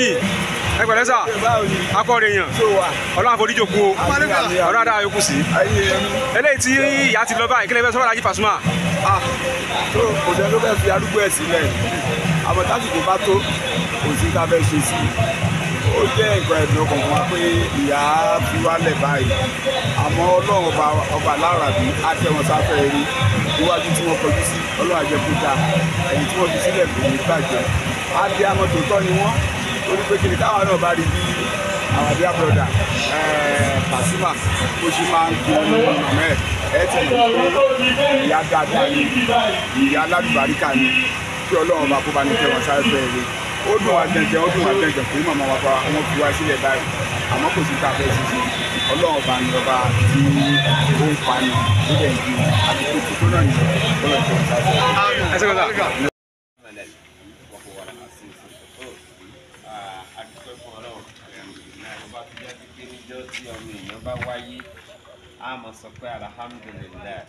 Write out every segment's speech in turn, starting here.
méjì ẹ pẹ̀lẹ́ sà akọrin èèyàn ọlọ́run àforíjòkó ọlọ́run àdáyà yòókù sí eléyìí tí ìyá ti lọ báyìí kílẹ̀ fẹ́ sọ́wọ́ Alhaji Pasuma. Ah, kò sẹ́ni tó fẹ́ fi arúgbó ẹ̀ sílẹ̀ àmọ́ tásìkò bá tó kò sí ká fẹ́ ṣe sí i ó jẹ́ nǹkan ẹ̀dùn ọkàn fún wa pé ìyá fi wálẹ̀ báyìí àmọ́ ọlọ́run ọba ọba lára bí á tẹ́ wọn sáfẹ́ rí iwájú tí wọ́n kọjú sí ọlọ́run àjẹkúta àyè tí wọ́n fi sílẹ̀ kò ní bàjẹ́ á dé amọ̀ tó ni wọ́n torí pé kiri káwọn náà bá rí bí àwọn dear brother Pasuma bó ṣe máa ń kí ọmọ ẹ ẹ ti mọ̀ pé ìyá dáadáa ni ìyá aládùbáríkà ni kí ọlọ́run bá kó bá ní kẹwọn sáré fẹ́ rẹ ó dùn wá jẹjẹ ó dùn wá jẹjẹ pé màmá wa bá wọn fi wá sílẹ̀ báyìí àmọ́ kò sí tàbí ẹ̀ ṣiṣẹ́ ọlọ́run bá ń lọ́ba tí ó ń pani ó dẹ̀ ń di àti tó tó náà ní ọlọ́run tó ń sáré. adúpẹ́ fún ọlọ́run ẹ̀rọ bá fi jáde pé níjọ́ tí ọmọ èèyàn bá wáyé á mọ̀ sọ pé alhamdulilayi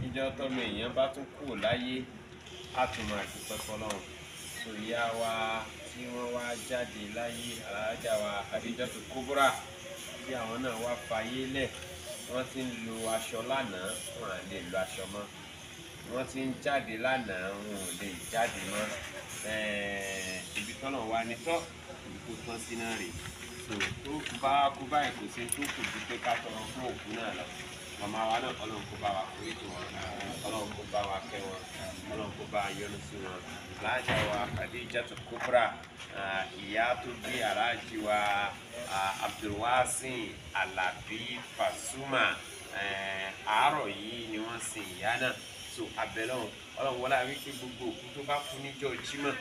níjọ́ tọ́mọ èèyàn bá tún kú láyé á tún máa dúpẹ́ fún ọlọ́run sòyá wa tí wọ́n wá jáde láyé alájà wa àdíjọ́tò kóbúrà tí àwọn náà wá fayé lẹ̀ wọ́n ti ń lo aṣọ lánàá wọn à lè lo aṣọ mọ́ wọ́n ti ń jáde lánàá wọn ò lè jáde mọ́ ibi tọ́nà wa ni tọ́ ibi tó tán sí náà rè so tó kú bá kú báyìí kò sí tó kù ju pé ká tọrọ fún òkú náà lọ màmá wa náà ọlọ́run kó bá wa forí jù wọn ọlọ́run kó bá wa kẹ́ wọn ọlọ́run kó bá yọ́nú sí wọn láàjà wa Khadijatul Kubra ìyá tó bí aláàjì wa Abdulwasin Alabi Pasuma àárọ̀ yìí ni wọ́n sin ìyá náà. สุอับเบโล ọlọ́run wọlé àwọn ike gbogbo òkú tó bá kú níjọ́ jímọ̀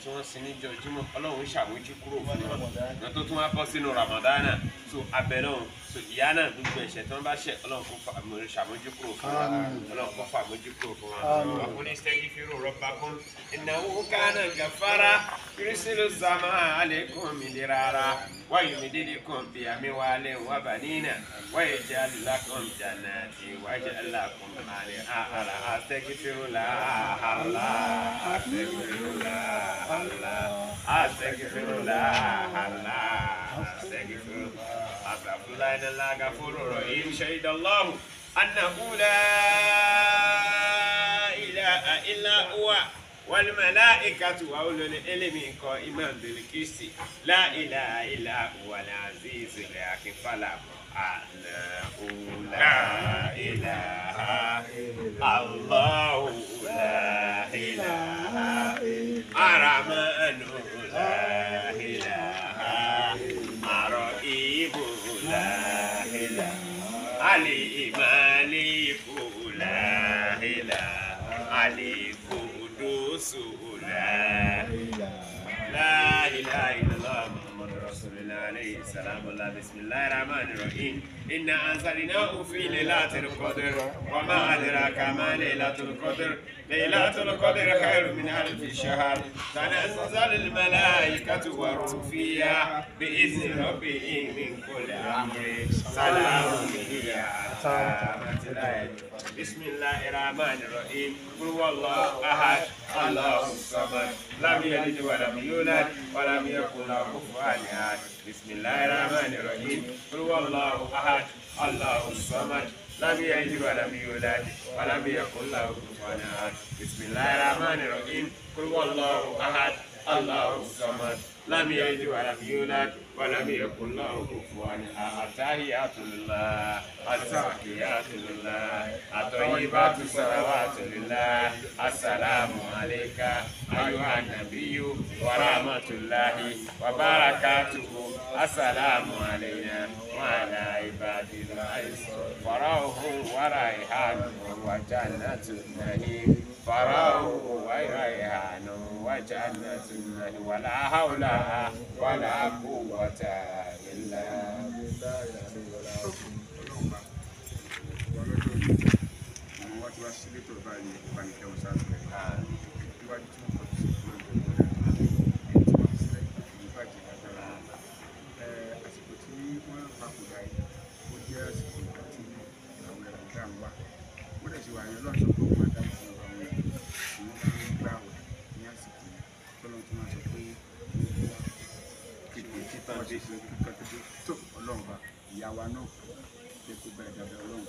tí wọ́n sin níjọ́ jímọ̀ ọlọ́run ṣàwójú kúrò fún wọn ìgbà tó tún wá bọ́ sínú ramadana so abẹ́rẹ́ òun so ìyá náà gbogbo ẹ̀ṣẹ̀ tí wọ́n bá ṣẹ̀ ọlọ́run kó ṣàmójú kúrò fún wọn ọlọ́run kó fàmójú kúrò fún wọn. ọkùnrin sẹ́gi fi rọrọ bá kún ìnáwó kánà gàfárá kírísìlù sàmà àlékún mi lè rárá wáyé mi délé kan bí àmì wà lẹ̀ wà bà nínà wáyé jẹ́ àlùlá kan jàǹdà àti wáyé alákùnrin àlẹ́ àhàrà àtẹ́gífẹ́rù làá Allah, Astaghfirullah, Allah, Astaghfirullah, Allah, Astaghfirullah. Astaghfirullah inna Allah ghafurur rahim. Shahid Allah annahu la ilaha illa huwa wal malaikatu wa ulul ilmi qa'iman bil qisti. La ilaha illa huwa al-azizul hakim. Fala لا إله إلا الله لا إله أرمن لا إله أرئيب لا إله علي مالك لا إله علي قدوس لا إله إلا الله محمد رسول الله عليه السلام الله بسم الله الرحمن الرحيم إنا أنزلناه في ليلة القدر وما أدراك ما ليلة القدر ليلة القدر خير من ألف شهر تنزل الملائكة والروح فيها بإذن ربهم من كل أمر سلام هي بسم الله الرحمن الرحيم قل هو الله احد الله الصمد لم يلد ولم يولد ولم يكن له كفوا احد بسم الله الرحمن الرحيم قل هو الله احد الله الصمد لم يلد ولم يولد ولم يكن له كفوا احد بسم الله الرحمن الرحيم قل هو الله احد الله الصمد لم يلد ولم يولد ولم يكن له كفوا التحيات لله الزاكيات لله الطيبات الصلوات لله السلام عليك أيها النبي ورحمة الله وبركاته السلام علينا وعلى عباد الله فروح وريحان وجنة النعيم فراه وريحان وجنة ولا حول ولا قوة إلا بالله Thank you.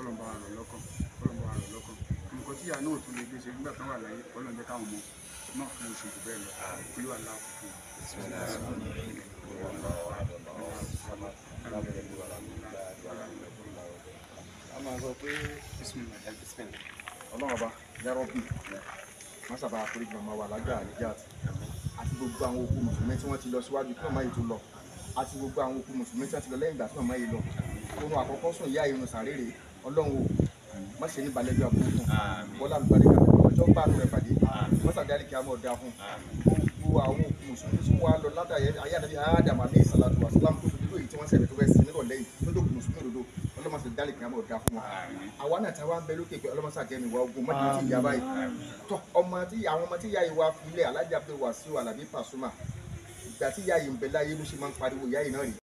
kọlọmọ àrò lọ́kàn kọlọmọ àrò lọ́kàn nǹkan tí ìyá náà tún lè gbé ṣe nígbà tán wà láyé kọlọmọ jẹ káwọn mọ náà fún oṣù tó bẹ́ẹ̀ lọ kí wà láàfin fún un. ọlọ́run ọba yàrọ́bì mọ́sàbà àforíjì màmá wa lágbà àníjà àti gbogbo àwọn òkú mùsùlùmí tí wọ́n ti lọ síwájú kí ọlọ́run o má ṣe ní balẹ̀ bí abúlé fún bọ́lá àlùbáríkà ọjọ́ bá rẹ̀ pàdé mọ́sàdáàlì kí a mọ̀ dá fún gbogbo àwọn òkú mùsùlùmí tí wọ́n á lọ látàyè ayé àdàbí ádámù àmì ìsàlátù àsìlámù tó fi dúró èyí tí wọ́n ṣẹ̀bẹ̀ tó fẹ́ sí nírọ̀lẹ́ yìí tó dókun mùsùlùmí òdodo ọlọ́mọsàdáàlì kí a mọ̀ dá fún wa àwa náà táwa ń bẹ lókè pé ọlọ́mọsàdẹ́mi wa ogun mọ́tò tí ìyá báyìí tọ́ ọmọ tí àwọn ọmọ tí ìyá yìí wá filẹ̀ alájà pé wàásù alábí